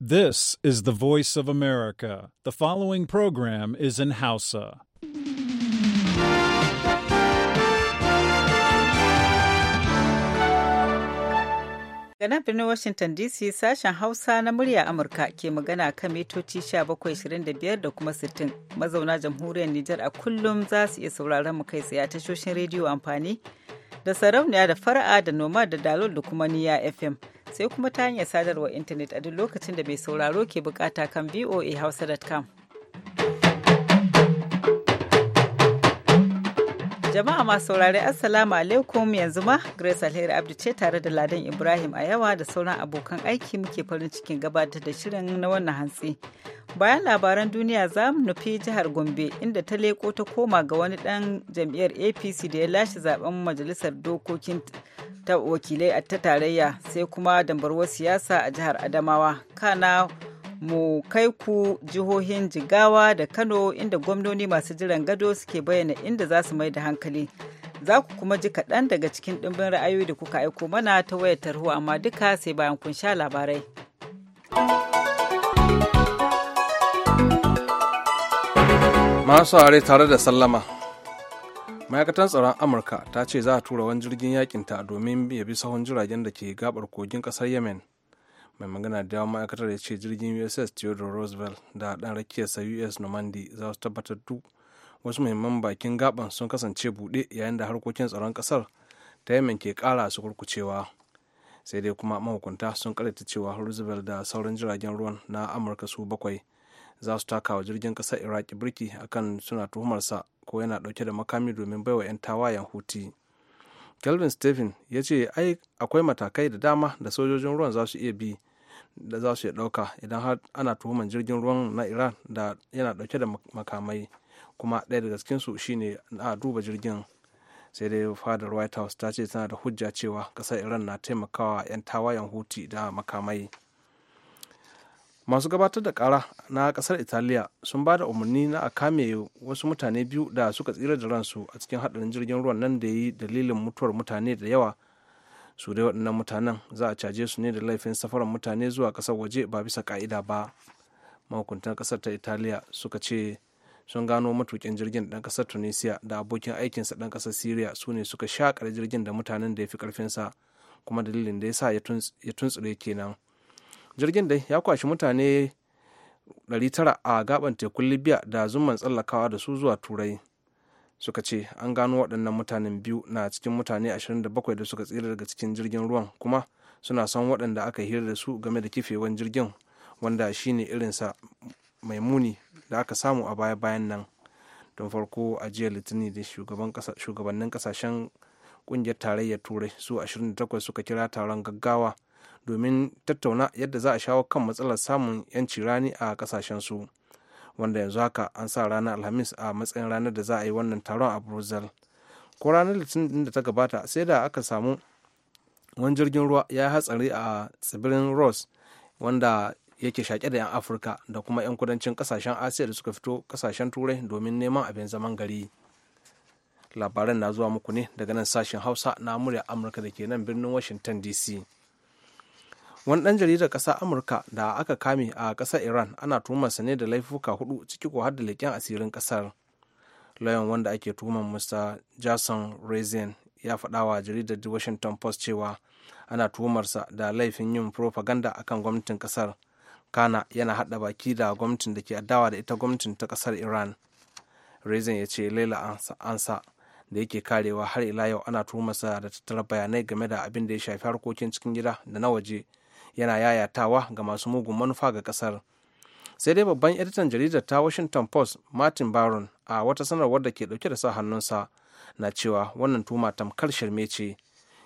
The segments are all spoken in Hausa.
This is the voice of America. The following program is in Hausa. Gana birnin Washington DC sashen Hausa na murya Amurka ke magana kan mitoci 1725 da kuma 60 mazauna jamhuriyar Nijar a kullum za su iya sauraron mu kai tsaye tashoshin rediyo amfani da sarauniya da fara'a da noma da dalol da kuma niya FM. sai kuma ta hanyar sadarwar intanet a duk lokacin da mai sauraro ke bukata kan voahausa.com. Jama'a masu saurari Assalamu alaikum yanzu ma Grace Alheri Abdu ce tare da Ladan Ibrahim a yawa da sauran abokan aiki muke farin cikin gabatar da shirin na wannan hantsi. Bayan labaran duniya za mu nufi jihar Gombe inda ta leko ta koma ga wani dan jam'iyyar APC da ya lashe zaben majalisar dokokin ta wakilai a ta tarayya sai kuma dambarwar siyasa a jihar adamawa kana mu kai ku jihohin jigawa da kano inda gwamnoni masu jiran gado suke bayyana inda za su mai da hankali za ku kuma ji kaɗan daga cikin ɗimbin ra'ayoyi da kuka aiko mana ta wayar tarho amma duka sai bayan kun sha labarai masu are tare da sallama ma'aikatar tsaron amurka ta ce za a tura wani jirgin yakinta domin ya bi sahun jiragen da ke gabar kogin kasar yemen mai magana da yawan ma'aikatar ya ce jirgin uss theodore roosevelt da dan rakiyarsa us normandy za su tabbatar duk wasu muhimman bakin gaban sun kasance buɗe yayin da harkokin tsaron kasar ta yemen ke kara su kurkucewa sai dai kuma mahukunta sun karanta cewa roosevelt da sauran jiragen ruwan na amurka su bakwai za su taka jirgin kasar iraki birki akan suna tuhumarsa ko yana ɗauke da makami domin baiwa 'yan tawayen huti kelvin stephen ya ce ai akwai matakai da dama da sojojin ruwan za su iya bi da za su iya ɗauka idan har ana tuhuman jirgin ruwan na iran da yana ɗauke da makamai kuma ɗaya daga su shine a duba jirgin sai dai fadar white house ta ce tana da hujja cewa ƙasar iran na taimakawa 'yan tawayen huti da makamai masu gabatar da kara na kasar italiya sun ba da umarni na a kame wasu mutane biyu da suka tsira da ransu a cikin hadarin jirgin ruwan nan da ya yi dalilin mutuwar mutane da yawa su dai waɗannan mutanen za a caje su ne da laifin safarar mutane zuwa ƙasar waje ba bisa ƙa'ida ba mahukuntan kasar ta italiya suka ce sun gano matukin jirgin dan kasar tunisia da abokin aikinsa ɗan ƙasar syria su ne suka shakar jirgin da mutanen da ya fi ƙarfinsa kuma dalilin da ya sa ya tuntsire kenan jirgin dai ya kwashi mutane 900 a gaban tekun libya da zuman tsallakawa da su zuwa turai suka ce an gano waɗannan mutanen biyu na cikin mutane 27 da suka tsira daga cikin jirgin ruwan kuma suna son waɗanda aka hira da su game da kifewan jirgin wanda shine irinsa mai muni da aka samu a baya-bayan nan don farko a jiya litinin da shugabannin kasashen ƙungiyar tarayyar turai su 28 suka kira taron gaggawa domin tattauna yadda za a shawo kan matsalar samun 'yanci rani a su wanda yanzu haka an sa ranar alhamis a matsayin ranar da za a yi wannan taron a brazil ko ranar litinin da ta gabata sai da aka samu wani jirgin ruwa ya hatsari a tsibirin ross wanda yake shaƙe da 'yan afirka da kuma 'yan kudancin kasashen asiya da suka fito kasashen turai domin neman abin zaman gari labaran na zuwa muku ne daga nan sashen hausa na murya amurka da ke nan birnin washington dc wani ɗan jaridar ƙasa amurka da aka kame a ƙasar iran ana tuhumarsa ne da laifuka hudu ciki ko har da leƙen asirin ƙasar layon wanda ake tuhumar mr jason rezin ya faɗa wa jaridar the washington post cewa ana tuhumarsa da laifin yin propaganda akan gwamnatin ƙasar kana yana haɗa baki da gwamnatin da ke adawa da ita gwamnatin ta ƙasar iran rezin ya ce laila ansa da yake karewa har ila yau ana tuhumarsa da tattara bayanai game da abin da ya shafi harkokin cikin gida da na waje yana yayatawa ga masu mugun manufa ga kasar sai dai babban editan jaridar ta washington post martin baron a wata sanarwar da ke dauke da sa hannunsa na cewa wannan tuma tamkar shirme ce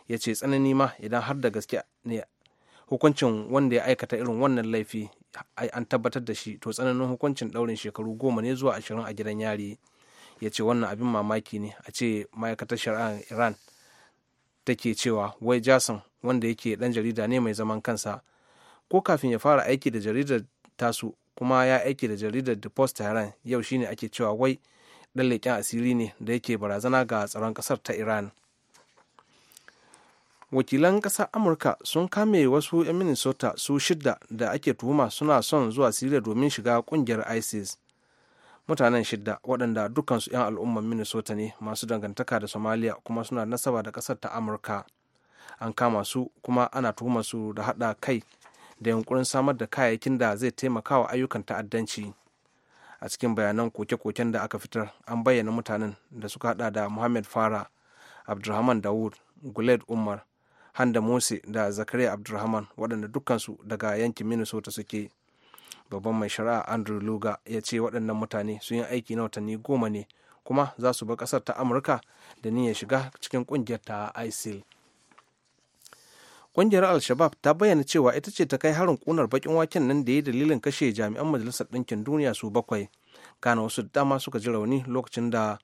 ya ce tsanani ma idan har da gaske ne hukuncin wanda ya aikata irin wannan laifi an tabbatar da shi to tsananin hukuncin daurin shekaru goma ne zuwa ashirin a gidan yari ya ce wannan abin mamaki ne a ce ma'aikatar shari'ar iran take cewa wai jason wanda yake dan jarida ne mai zaman kansa ko kafin ya fara aiki da jaridar tasu kuma ya aiki da jaridar the post iran yau shine ake cewa wai dan leƙen asiri ne da yake barazana ga tsaron ƙasar ta iran wakilan ƙasar amurka sun kame wasu 'yan minnesota su shidda da ake tuhuma suna son zuwa siriya domin shiga ƙungiyar isis mutanen shidda waɗanda dukansu 'yan al'ummar minnesota ne masu dangantaka da somalia kuma suna nasaba da ƙasar ta amurka an kama su kuma ana tuhuma su da haɗa kai da yunkurin samar da kayayyakin da zai taimaka wa ayyukan ta'addanci a cikin bayanan koke-koken da aka fitar an bayyana mutanen da suka haɗa da muhammad fara abdulrahman dawud guled umar handa mose da zakariya abdulrahman waɗanda dukkansu daga yankin minnesota suke babban mai shari'a andrew luga ya ce waɗannan mutane sun yi aiki na watanni goma ne kuma za su bar ƙasar ta amurka da niyyar shiga cikin ƙungiyar ta isil ƙungiyar al-shabab ta bayyana cewa ita ce ta kai harin ƙunar baƙin waken nan da ya dalilin kashe jami'an majalisar ɗinkin duniya su bakwai kana wasu dama suka ji rauni lokacin da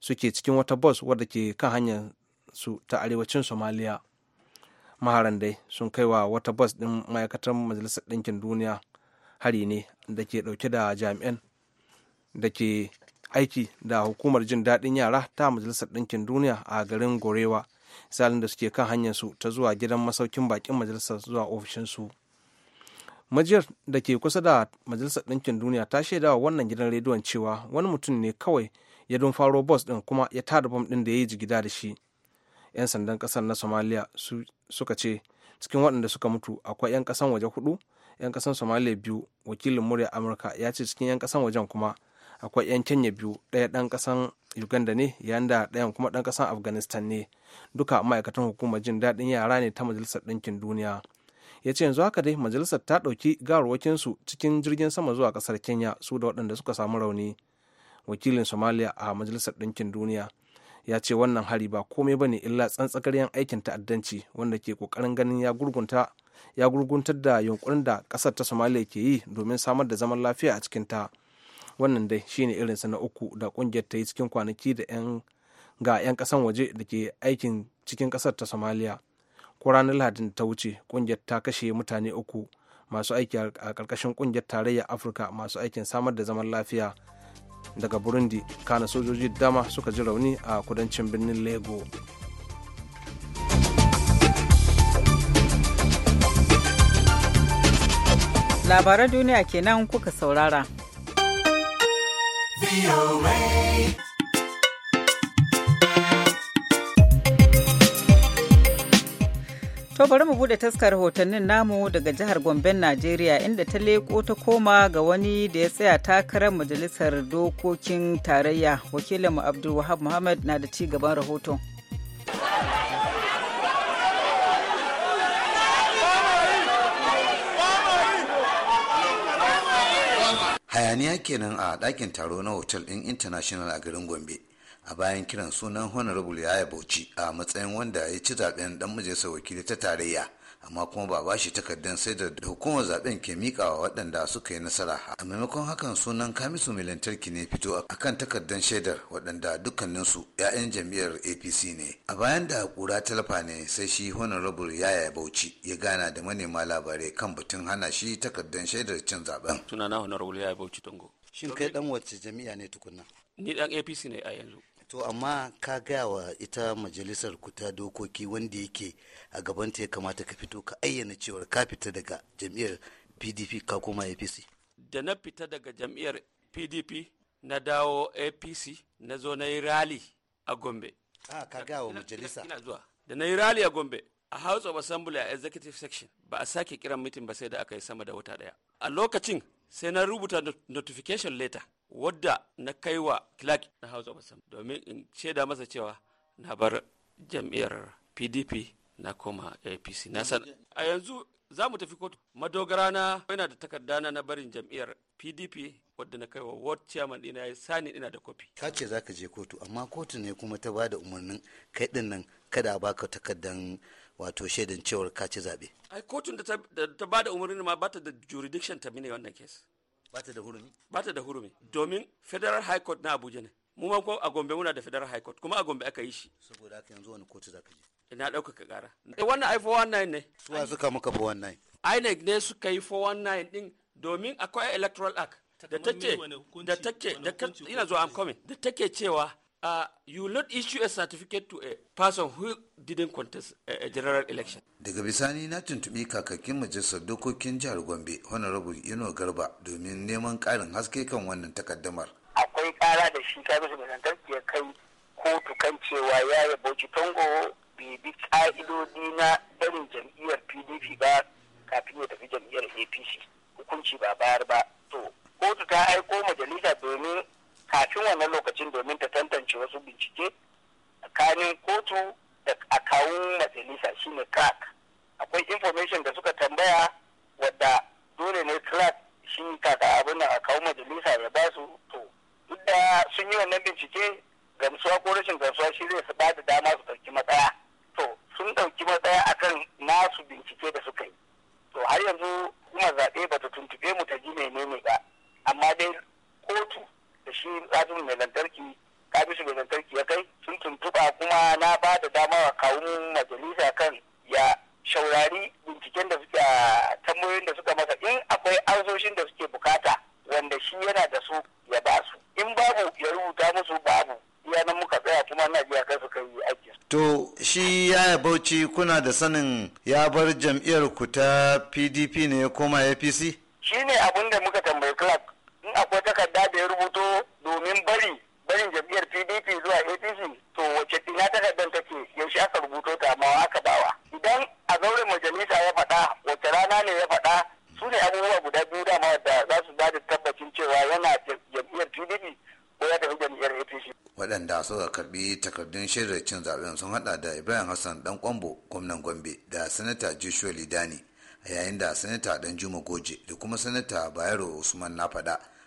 suke cikin wata bus wadda ke kan hanyar su ta arewacin somaliya maharan dai sun kai wa wata bus ɗin ma'aikatar majalisar ɗinkin duniya hari ne da ke dauke da jami'an da ke aiki da hukumar jin daɗin yara ta majalisar ɗinkin duniya a garin gorewa misalin da suke kan hanyarsu ta zuwa gidan masaukin bakin majalisar zuwa ofishinsu majiyar da ke kusa da majalisar ɗinkin duniya ta shaidawa wannan gidan rediyon cewa wani mutum ne kawai ya don faro bus ɗin kuma ya tada bom din da ya yi jigida da shi 'yan sandan ƙasar na somaliya suka ce cikin waɗanda suka mutu akwai 'yan ƙasan waje hudu 'yan kasan somalia biyu wakilin murya amurka ya ce cikin 'yan kasan wajen kuma akwai 'yan kenya biyu ɗaya ɗan kasan uganda ne yayin da ɗayan kuma ɗan kasan afghanistan ne duka ma'aikatan hukumar jin daɗin yara ne ta majalisar ɗinkin duniya ya ce yanzu haka dai majalisar ta ɗauki su cikin jirgin sama zuwa ƙasar kenya su da waɗanda suka samu rauni wakilin somalia a majalisar ɗinkin duniya ya ce wannan hari ba komai ba ne illa tsantsakaryen aikin ta'addanci wanda ke kokarin ganin ya gurgunta ya gurguntar da yunkurin da ƙasar ta somaliya ke yi domin samar da zaman lafiya a cikin ta wannan dai shine sa na uku da ƙungiyar ta yi cikin kwanaki da 'yan ga 'yan ƙasan waje da ke aikin cikin ƙasar ta somaliya ko ranar lahadin da ta wuce ƙungiyar ta kashe mutane uku masu aiki a ƙarƙashin ƙungiyar tarayyar afirka masu aikin samar da zaman lafiya daga burundi kana sojoji dama suka ji rauni a kudancin birnin lego. labaran duniya kenan kuka saurara. To bari mu bude taskar rahotannin namu daga jihar Gomben Najeriya inda ta leko ta koma ga wani da ya tsaya takarar majalisar dokokin tarayya wakilinmu Abdul Wahab Muhammad na da ci gaban rahoton. hayaniya kenan a ɗakin taro na hotel ɗin international a garin gombe a bayan kiran sunan honorable yaya bauchi a matsayin wanda ya ci zaben dan majalisar wakili ta tarayya amma kuma ba ba shi takardar sai da hukumar zaben ke mikawa waɗanda suka yi nasara a maimakon hakan sunan kamisu mai lantarki ne fito a kan takardar shaidar waɗanda dukkaninsu 'ya'yan jam'iyyar apc ne a bayan da kura talafa ne sai shi honorable yaya bauchi ya gana da manema labarai kan batun hana shi takardar shaidar cin zaben sunana honorable yaya bauchi tongo shin kai dan wacce jami'a ne tukunna ni dan apc ne a yanzu To amma ka gaya wa ita majalisar kuta dokoki wanda yake a gabanta ya kamata ka fito ka ayyana cewa ka fita daga jam'iyyar PDP ka koma APC. Da na fita daga jam'iyyar PDP na dawo APC na zo na yi rali a Gombe. a ka gaya wa majalisa. Da na yi rali a Gombe a House of Assembly a Executive Section ba a sake kiran mitin ba sai da aka yi sama da wata daya. A lokacin sai na rubuta notification letter wadda na kai wa clark na house of assembly domin in shaida masa cewa na bar jam'iyyar pdp na koma apc na san a yanzu za mu tafi kotu madogara na yana da takardana na barin jam'iyyar pdp wadda na kai wa ward chairman ɗina ya sani ina da kofi ka ce za ka je kotu amma kotu ne kuma ta ba umarnin kai din nan kada a baka takardan wato shaidan cewar ka ci zaɓe ai kotun da ta ba da umarnin ma bata ta da jurisdiction ta mini wannan kes bata da hurumi bata da hurumi domin federal high court na abuja ne mu ma ko a gombe muna da federal high court kuma a gombe aka yi shi saboda haka yanzu wani kotu zaka je na ɗaukaka ƙara eh wannan ai 419 ne suwa suka muka 419 INEC ne suka yi 419 din domin akwai electoral act da take da take da ina zo am coming da take cewa uh, you not issue a certificate to a person who didn't contest a, a general election. Daga bisani na tuntuɓi kakakin majalisar dokokin jihar Gombe Honorable Ino Garba domin neman ƙarin haske kan wannan takaddamar. Akwai ƙara da shi ta bisa lantarki ya kai kotu kan cewa ya yabo Tongo bai bi ƙa'idodi na barin jam'iyyar PDP ba kafin ya tafi jam'iyyar APC. Hukunci ba bayar ba. To, kotu ta aiko majalisa domin kafin wannan lokacin domin ta tantance wasu bincike tsakanin kotu da akawun majalisa shine crack akwai information da suka tambaya wadda dole ne crack shi kaka abin da akawun majalisa ya ba su to duk da sun yi wannan bincike gamsuwa ko rashin gamsuwa shi zai su ba da dama su ɗauki matsaya to sun ɗauki matsaya akan nasu bincike da suka yi to har yanzu kuma zaɓe ba ta tuntuɓe mu ta ji menene ba amma dai kotu da shi kabisu mai lantarki kabisu mai lantarki ya kai sun tuntuɓa kuma na ba da dama wa kawun majalisa kan ya shaurari binciken da suke tambayoyin da suka masa in akwai arzoshin da suke bukata wanda shi yana da su ya ba su in babu ya rubuta musu babu iya nan muka tsaya kuma na biya kai su kai aikin. To shi ya Bauchi kuna da sanin ya bar jam'iyyar ku ta PDP ne ya koma APC? Shi ne abin da muka tambayi Clark akwai takarda da ya rubuto domin bari barin jam'iyyar pdp zuwa apc to wace ina takardar take yaushe aka rubuto ta amma aka bawa idan a zauren majalisa ya faɗa wace rana ne ya faɗa su ne abubuwa guda biyu dama da za su bada tabbacin cewa yana jam'iyyar pdp ko ya tafi jam'iyyar apc waɗanda suka karbi takardun shirin cin zaɓen sun haɗa da ibrahim hassan dan kwambo gwamnan gombe da sanata joshua lidani yayin da sanata dan juma goje da kuma sanata bayero usman na faɗa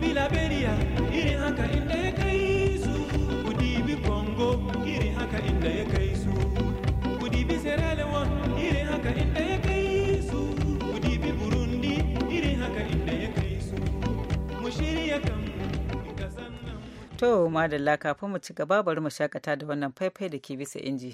dibi Liberia irin haka inda ya kai su, ku dibi Congo irin haka inda ya kai su, ku dibi Sierra Leone irin haka inda ya kai su, ku dibi Burundi irin haka inda ya kai su, mu shirya kan To, madalla kafin mu ci gaba bari mu shakata da wannan faifai da ke bisa inji.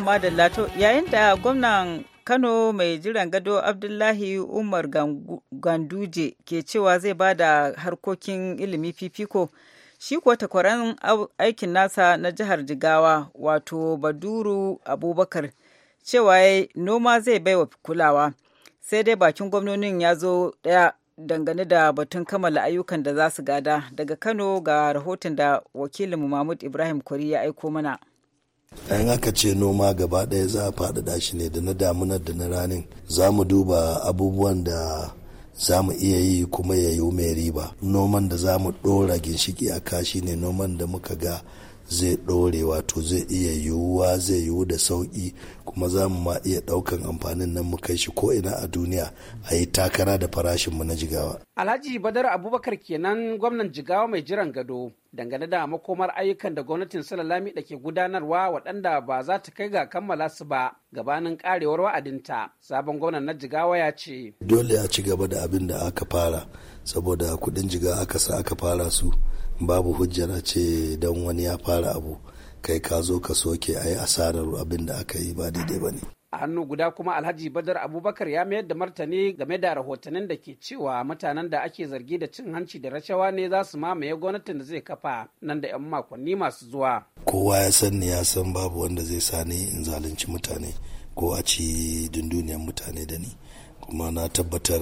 Madalla to yayin da gwamnan Kano mai jiran gado Abdullahi Umar Ganduje ke cewa zai ba da harkokin ilimi fifiko. Shi kuwa takwaran aikin nasa na jihar Jigawa wato Baduru Abubakar cewa ya noma zai baiwa kulawa. Sai dai bakin gwamnonin ya zo daya dangane da batun kammala ayyukan da za su gada daga Kano ga rahoton da wakilinmu Mahmud Ibrahim Kwari ya aiko mana. in aka ce noma gaba ɗaya za a faɗaɗa shi ne da na damunar da na ranin za mu duba abubuwan da za mu iya yi kuma ya yi mai riba noman da za mu ɗora ginshiki a kashi ne noman da muka ga zai ɗore wato zai iya yiwuwa zai yiwu da sauƙi kuma za mu ma iya ɗaukan amfanin nan mu kai shi ko ina a duniya a yi takara da farashin mu na jigawa. Alhaji Badar Abubakar kenan gwamnan jigawa mai jiran gado dangane da makomar ayyukan da gwamnatin Salalami da ke gudanarwa waɗanda ba za ta kai ga kammala su ba gabanin karewar wa'adinta. Sabon gwamnan na jigawa ya ce. Dole a ci gaba da abin da aka fara saboda kuɗin jiga aka sa aka fara su. babu hujjar ce don wani ya fara abu kai ka zo ka soke a yi asarar abin da aka yi ba daidai ba ne. a hannu guda kuma alhaji badar abubakar ya mayar da martani game da rahotannin da ke cewa mutanen da ake zargi da cin hanci da rashawa ne za su mamaye gwamnatin da zai kafa nan da 'yan makonni masu zuwa kowa ya san ni ya san babu wanda zai sa ni in zalunci mutane ko a ci dunduniyar mutane da ni kuma na tabbatar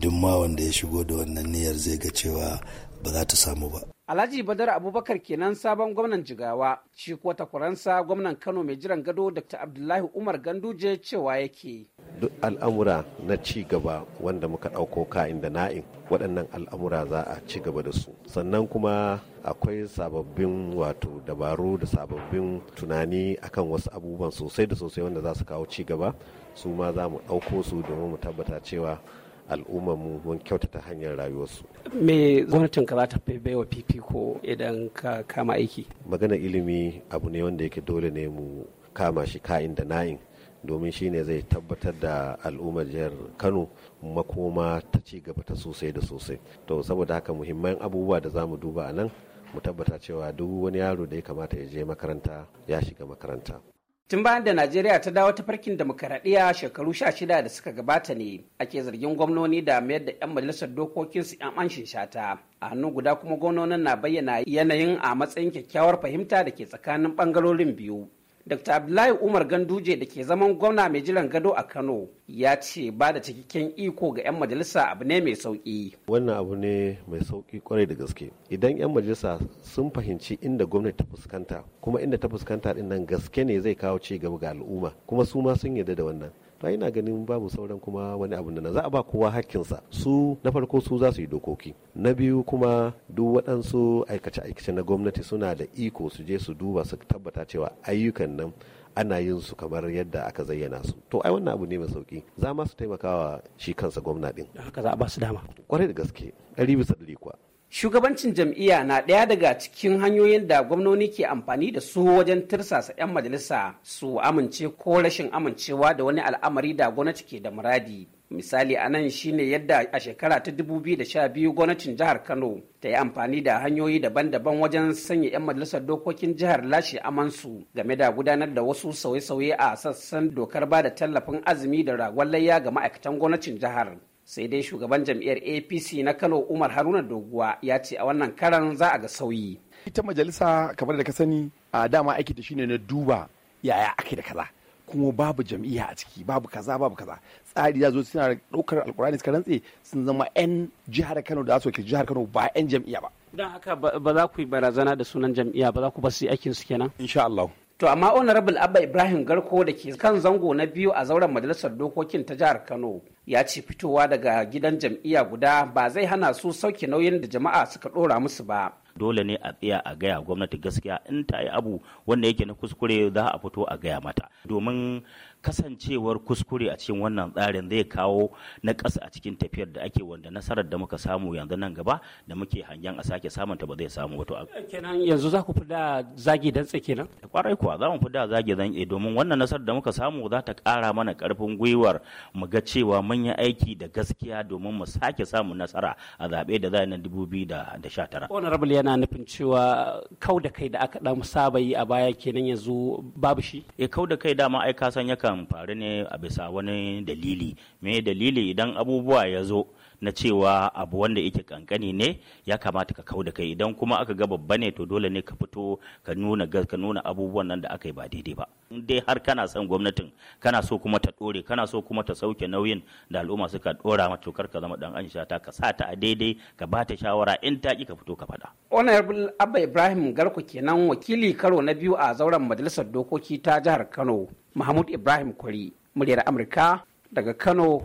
duk ma wanda ya shigo da wannan niyyar zai ga cewa ba za ta samu ba Alhaji Badar Abubakar kenan sabon gwamnan Jigawa, shi kuwa takwaransa gwamnan Kano mai jiran gado Dr. Abdullahi Umar Ganduje cewa yake. Duk al'amura na ci gaba wanda muka ɗauko ka'in da na'in waɗannan al'amura za a ci gaba da su. Sannan kuma akwai sababbin wato dabaru da sababbin tunani akan wasu abubuwan sosai da sosai wanda za su kawo ci gaba su ma za mu ɗauko su domin mu tabbata cewa al'ummarmu mun kyautata hanyar rayuwarsu. Me gwamnatin ka za ta baiwa fifiko idan ka kama aiki? Magana ilimi abu ne wanda yake dole ne mu kama shi ka'in da na'in domin shi ne zai tabbatar da al'ummar jihar Kano makoma ta ci gaba ta sosai da sosai. To saboda haka muhimman abubuwa da za mu duba a nan mu tabbata cewa duk wani yaro da ya kamata ya je makaranta ya shiga makaranta. Tun bayan da Najeriya ta dawo ta farkin demokaradiyya shekaru sha shida da suka gabata ne ake zargin gwamnoni da mayar da 'yan majalisar dokokinsu 'yan amshin shata. A hannun guda kuma gwamnonin na bayyana yanayin a matsayin kyakkyawar fahimta da ke tsakanin bangarorin biyu. Dr. Abdullahi Umar Ganduje da ke zaman gwamna mai jiran gado a Kano ya ce ba da cikakken iko ga 'yan majalisa abu ne mai sauki Wannan abu ne mai sauƙi kwarai da gaske. Idan 'yan majalisa sun fahimci inda gwamnati ta fuskanta kuma inda ta fuskanta din nan gaske ne zai kawo ci gaba ga al'umma kuma su ma sun yarda da wannan. to ina ganin babu sauran kuma wani abu nan za a ba kowa hakkinsa su na farko su za su yi dokoki na biyu kuma duk waɗansu aikace-aikace na gwamnati suna da iko su je su duba su tabbata cewa ayyukan nan ana yin su kamar yadda aka zayyana su to ai wannan abu ne mai sauki za ma su taimakawa shi kansa gwamna din haka za a ba su dama kwarai da gaske ɗari bisa ɗari kuwa shugabancin jam'iyya na ɗaya daga cikin hanyoyin da gwamnoni ke amfani da su wajen tirsasa 'yan majalisa su amince ko rashin amincewa da wani al'amari da gwamnati ke da muradi misali a nan shine yadda a shekara ta 2012 gwamnatin jihar kano ta yi amfani da hanyoyi daban-daban wajen sanya 'yan majalisar dokokin jihar lashe amansu game da gudanar da wasu sauye-sauye a sassan dokar ba da tallafin azumi da ragon layya ga ma'aikatan gwamnatin jihar sai dai shugaban jam'iyyar apc na kano umar haruna doguwa ya ce a wannan karan za a ga sauyi ita majalisa kamar da ka sani a dama aiki da shine na duba yaya ake da kaza kuma babu jam'iyya a ciki babu kaza babu kaza tsari ya zo suna daukar alkurani suka rantse sun zama yan jihar kano da su jihar kano ba yan jam'iyya ba don haka ba za ku yi barazana da sunan jam'iyya ba za ku basu aikin su kenan insha Allah to amma honorable abba ibrahim garko da ke kan zango na biyu a zauren majalisar dokokin ta jihar kano ya ce fitowa daga gidan jam'iyya guda ba zai hana su sauke nauyin da jama'a suka dora musu ba. dole ne a tsaya a gaya gwamnati gaskiya in ta yi abu wanda yake na kuskure za a fito a gaya mata domin kasancewar kuskure a cikin wannan tsarin zai kawo na ƙasa a cikin tafiyar da ake wanda nasarar da muka samu yanzu nan gaba da muke hangen a sake samun ta ba zai samu wato kenan yanzu za ku fi da zagi dan tsaki nan kwarai kuwa za mu fi da zagi dan domin wannan nasarar da muka samu za ta ƙara mana ƙarfin gwiwar mu ga cewa mun yi aiki da gaskiya domin mu sake samu nasara a zaɓe da zai na 2019. Honorable yana nufin cewa kau da kai da aka ɗan saba yi a baya kenan yanzu babu shi? E kau da kai dama ai yakan faru ne a bisa wani dalili. Me dalili idan abubuwa ya zo na cewa abu wanda yake kankani ne ya kamata ka kau da kai idan kuma aka ga babba ne to dole ne ka fito ka nuna ka nuna abubuwan nan da aka yi ba daidai ba in dai har kana son gwamnatin kana so kuma ta dore kana so kuma ta sauke nauyin da al'umma suka dora mata kar ka zama dan ansha ta ka sa ta a daidai ka ba ta shawara in ta ki ka fito ka faɗa honorable abba ibrahim garko kenan wakili karo na biyu a zauren majalisar dokoki ta jihar kano mahmud ibrahim kwari muryar amurka daga kano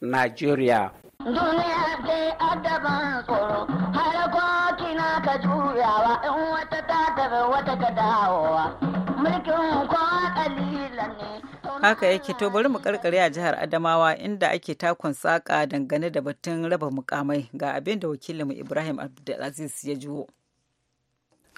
nigeria duniya ce adaban tsoro harkoki na ka juyawa in wata ta tafi wata ta dawowa mulkin kowa kalilan ne haka yake to bari mu karkare a jihar adamawa inda ake takon saka dangane da batun raba mukamai ga abin da wakilinmu ibrahim abdulaziz ya juwo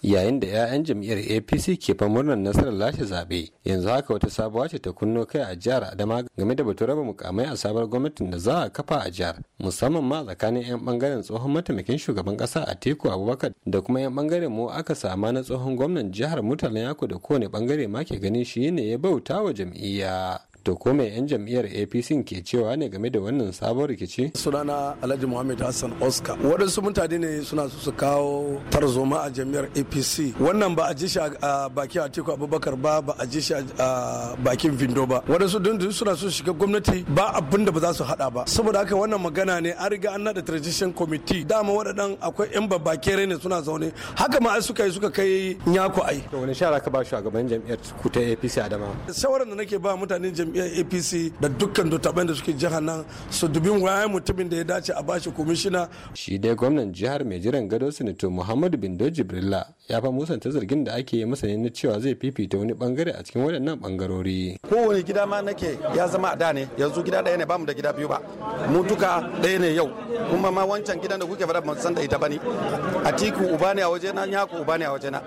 yayin da 'ya'yan jam'iyyar apc ke fa murnar nasarar lashe zaɓe yanzu haka wata sabuwa ce ta kunno kai a jihar adama game da batun raba mukamai a sabar gwamnatin da za a kafa a jihar musamman ma tsakanin 'yan bangaren tsohon mataimakin shugaban ƙasa teku abubakar da kuma 'yan bangaren mu aka sama na tsohon gwamnan jihar Mutanen yako da kowane bangare ma ke ganin shi ne ya bauta wa jam'iyya to ko mai yan jam'iyyar apc ke cewa ne game da wannan sabon rikici sunana alhaji muhammad hassan oscar waɗansu mutane ne suna su kawo tarzoma a jam'iyyar apc wannan ba a ji shi a bakin atiku abubakar ba ba a ji shi a bakin vindo ba waɗansu dundun suna su shiga gwamnati ba abin da ba za su haɗa ba saboda haka wannan magana ne an riga an naɗa transition committee dama waɗannan akwai yan babbakin ne suna zaune haka ma ai suka yi suka kai nyako ai to wani shara ka ba shugaban jam'iyyar ku ta apc adama shawaran da nake ba mutanen jam'iyyar apc da dukkan dottaban da suke jihar nan su dubin waye mutumin da ya dace a bashi komishina. shi dai gwamnan jihar mai jiran gado sinato muhammadu bindo jibrila ya fa musanta zargin da ake yi masa na cewa zai fifita wani bangare a cikin waɗannan bangarori. Kowane gida ma nake ya zama a da ne yanzu gida ɗaya ne bamu da gida biyu ba mu ɗaya ne yau kuma ma wancan gidan da kuke fara ban san da ita bane tiku uba ne a waje na ku uba ne a waje na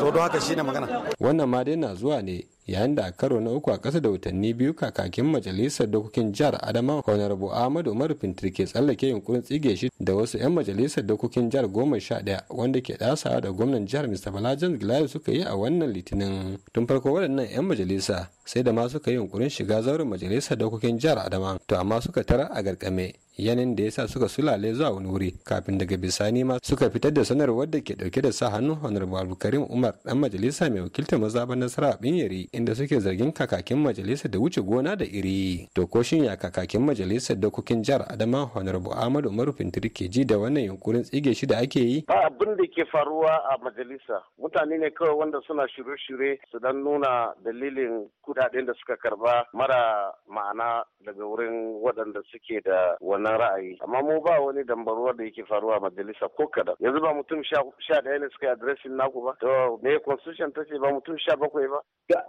so don haka shine magana. Wannan ma dai na zuwa ne yayin da karo na uku a ƙasa da watanni biyu kakakin majalisar dokokin jihar adama honorable ahmadu umar fintir ke tsallake yunkurin tsige shi da wasu 'yan majalisar dokokin jihar goma sha ɗaya wanda ke ɗasawa da gwamnan gwamnan jihar mr balajan gilayo suka yi a wannan litinin tun farko waɗannan 'yan majalisa sai da ma suka yi yunkurin shiga zauren majalisar dokokin jihar adama to amma suka tara a garkame yanin da ya sa suka sulale zuwa wani wuri kafin daga bisani ma suka fitar da sanarwar da ke dauke da sa hannu honorable karim umar dan majalisa mai wakiltar mazaban nasara a binyeri inda suke zargin kakakin majalisa da wuce gona da iri to ya kakakin majalisar dokokin jihar adama honorable ahmadu umaru fintiri ke ji da wannan yunkurin tsige shi da ake yi ba abin da ke faruwa a majalisa mutane ne kawai wanda suna shirye-shirye su dan nuna dalilin kudaden da suka karba mara ma'ana daga wurin waɗanda suke da wani wannan ra'ayi amma mu ba wani dambaruwa da yake faruwa majalisa ko kada yanzu ba mutum sha ɗaya ne suka adireshin naku ba to me constitution ta ce ba mutum sha bakwai ba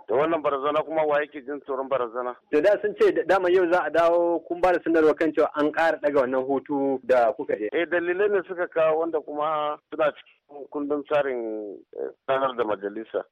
da wannan barazana kuma wa yake jin tsoron barazana to da sun ce dama yau za a dawo kun ba da sanarwa kan cewa an ƙara daga wannan hutu da kuka je eh dalilai ne suka kawo wanda kuma suna cikin kundin tsarin eh, sanar da majalisa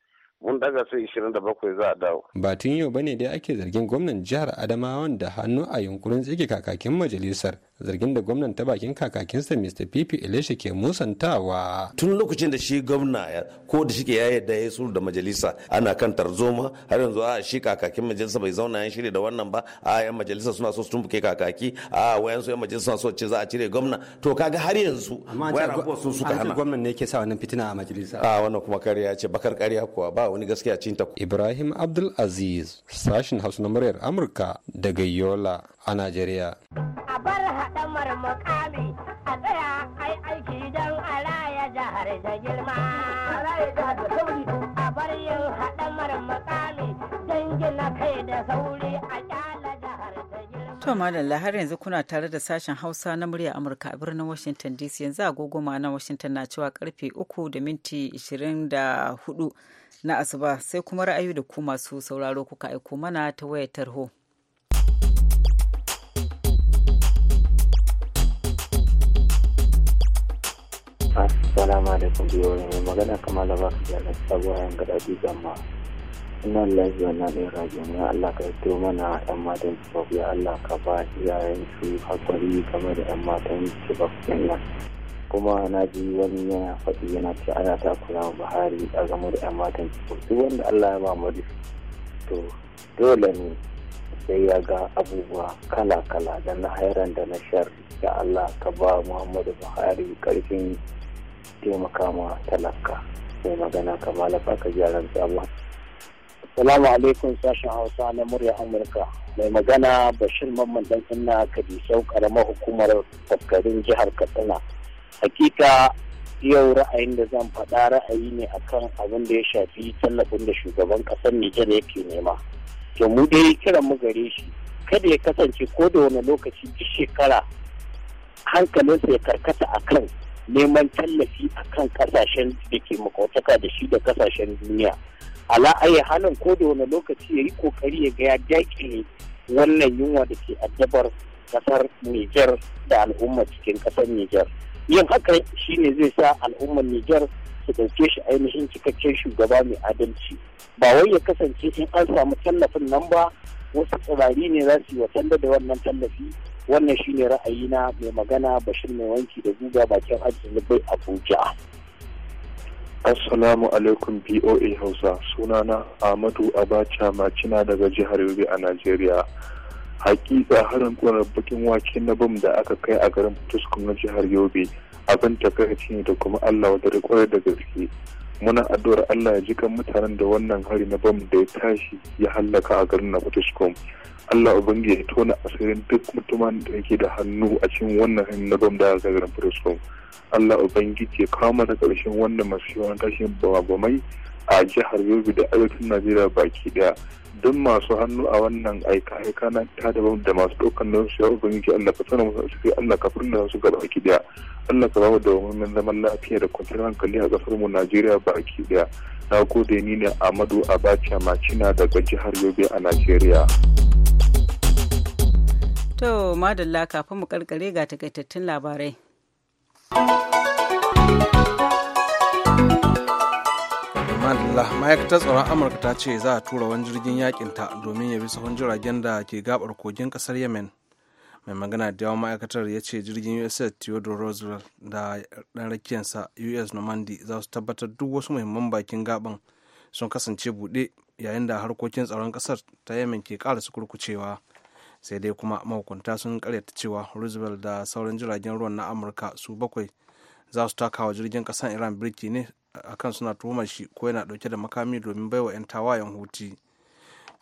mun daga su 27 za a dawo. Ba tun yau ba ne dai ake zargin gwamnan jihar Adamawan da hannu a yunkurin tsige kakakin majalisar zargin da gwamnan ta bakin kakakinsa Mr. Pipi Elisha ke musantawa. Tun lokacin da shi gwamna ko da shi ke ya yadda ya sulhu da majalisa ana kan tarzoma har yanzu a ah, shi kakakin majalisa bai zauna yan shirya da wannan ba a ah, yan majalisa suna so su tumbuke kakaki a ah, wayansu yan majalisa suna so ce za a cire gwamna to kaga har yanzu wayar abubuwa sun suka hana. gwamnan ne ke sa wannan fitina a majalisa. A wannan kuma kariya ce bakar kariya kuwa ba wani gaskiya cin ta. Ibrahim Abdul Aziz sashin Hausa na muryar Amurka daga Yola a Najeriya. A bar ɗamar mukami a tsaya ai aiki don a raya jihar da girma. A bar yin haɗamar mukami don gina kai da sauri a ƙyala jihar da girma. To Madalla har yanzu kuna tare da sashen Hausa na murya Amurka a birnin Washington DC yanzu agogo na Washington na cewa karfe uku da minti ishirin hudu na asuba sai kuma ra'ayi da ku masu sauraro kuka aiko mana ta wayar tarho. Assalamu alaikum biyoyi mai magana kamar da ba da nan sabuwa yan gada dutsen zama Ina lafiya na ɗin ya Allah ka yi mana yan matan cibab ya Allah ka ba iyayen su hakuri game da yan matan cibab ɗin nan. Kuma na ji wani yana faɗi yana ce ana ta kula takura Buhari a game da yan matan cibab duk wanda Allah ya ba mu to dole ne sai ya ga abubuwa kala-kala da na hairan da na shar da Allah ka ba Muhammadu Buhari ƙarfin taimaka ma talaka mai magana ka malaka ka gyaran sabuwa Salamu alaikum sashen Hausa na murya Amurka. Mai magana Bashir Mamman dan Inna Kadisau karamar hukumar Faskarin jihar Katsina. Hakika yau ra'ayin da zan faɗa ra'ayi ne akan abin da ya shafi tallafin da shugaban ƙasar Nijar yake nema. To mu dai kiran mu gare shi kada ya kasance ko da wani lokaci duk shekara hankalinsa ya karkata akan neman tallafi a kan kasashen da ke makwataka da shi da kasashen duniya ala ayi halin ko da wani lokaci ya yi kokari ya ga ya dakile wannan yunwa da ke addabar kasar Nijar da al'umma cikin kasar Nijar yin haka shine zai sa al'ummar Nijar su dauke shi ainihin cikakken shugaba mai adalci ba wai ya kasance in an samu tallafin nan ba wasu tsirari ne za su yi wa da wannan tallafi wannan shine na mai magana bashir mai wanki da guga bakin ajiye bai abuja assalamu alaikum boa hausa sunana ahmadu abacha macina daga jihar yobe a najeriya hakika harin kurar bakin wake na bam da aka kai a garin fuskum na jihar yobe abin takaici ne da kuma allah wadda kwarai da gaske muna addu'ar Allah ya ji kan mutanen da wannan hari na bam da ya tashi ya hallaka a garin Nakutishkom. Allah ubangi ya tona asirin duk mutumin da yake da hannu a cikin wannan hari na bam da aka garin Nakutishkom. Allah ubangi ya kama da ƙarshen wannan masu yawan tashin babamai a jihar yobe da arewacin najeriya baki daya duk masu hannu a wannan aika aika na ta daban da masu ɗaukar nan su ya ubangiji allah ka sanar musu a allah ka furna su ga baki daya allah ka bawa da zaman lafiya da kwanciyar hankali a kasar mu najeriya baki daya na gode ni ne amadu abacha macina daga jihar yobe a najeriya. To, madalla kafin mu karkare ga takaitattun labarai. madalla ma'aikatar tsaron amurka ta ce za a tura wani jirgin ta domin ya bi sahun jiragen da ke gabar kogin kasar yemen mai magana da yawan ma'aikatar ya ce jirgin us theodore roosevelt da ɗan rakiyarsa us normandy za su tabbatar duk wasu muhimman bakin gaban sun kasance buɗe yayin da harkokin tsaron ƙasar ta yemen ke ƙara su kurkucewa sai dai kuma mahukunta sun karyata cewa roosevelt da sauran jiragen ruwan na amurka su bakwai za su takawa jirgin ƙasar iran birki ne akan suna tuhumar shi ko yana dauke da makami domin baiwa 'yan tawayen huti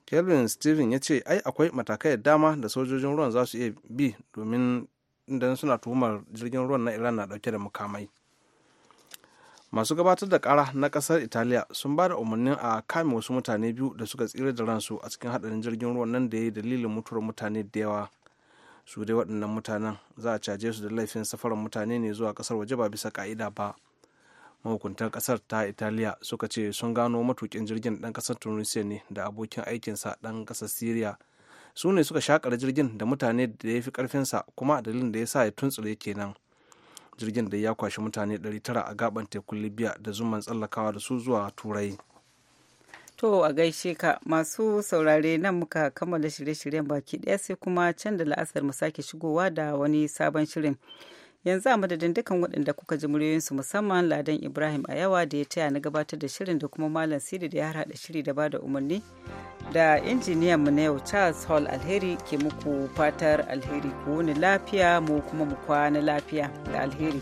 kelvin steven ya ce ai akwai matakai da dama da sojojin ruwan za su iya bi domin idan suna tuhumar jirgin ruwan na iran na dauke da makamai masu gabatar da kara na kasar italiya sun ba da umarnin a kame wasu mutane biyu da suka tsira da ransu a cikin hadarin jirgin ruwan nan da ya yi dalilin mutuwar mutane da yawa su dai waɗannan mutanen za a caje su da laifin safarar mutane ne zuwa kasar waje ba bisa ka'ida ba mahukuntan kasar ta italiya suka ce sun gano matukin jirgin dan kasar tunisia ne da abokin aikinsa dan kasar syria su ne suka shakar jirgin da mutane da ya fi karfinsa kuma dalilin da ya sa ya tuntsure kenan jirgin da ya kwashi mutane 900 a gaban tekun libya da zuman tsallakawa da su zuwa turai To a gaishe ka masu saurare nan muka kammala shirye-shiryen baki ɗaya sai kuma can da la'asar mu sake shigowa da wani sabon shirin. yanzu a madadin dukkan waɗanda kuka ji muryoyinsu musamman ladan ibrahim a yawa da ya taya na gabatar da shirin da kuma malam sidi da ya haɗa shiri da bada umarni da injiniyan mu na yau charles hall alheri ke muku fatar alheri ku lafiya mu kuma mu kwana lafiya da alheri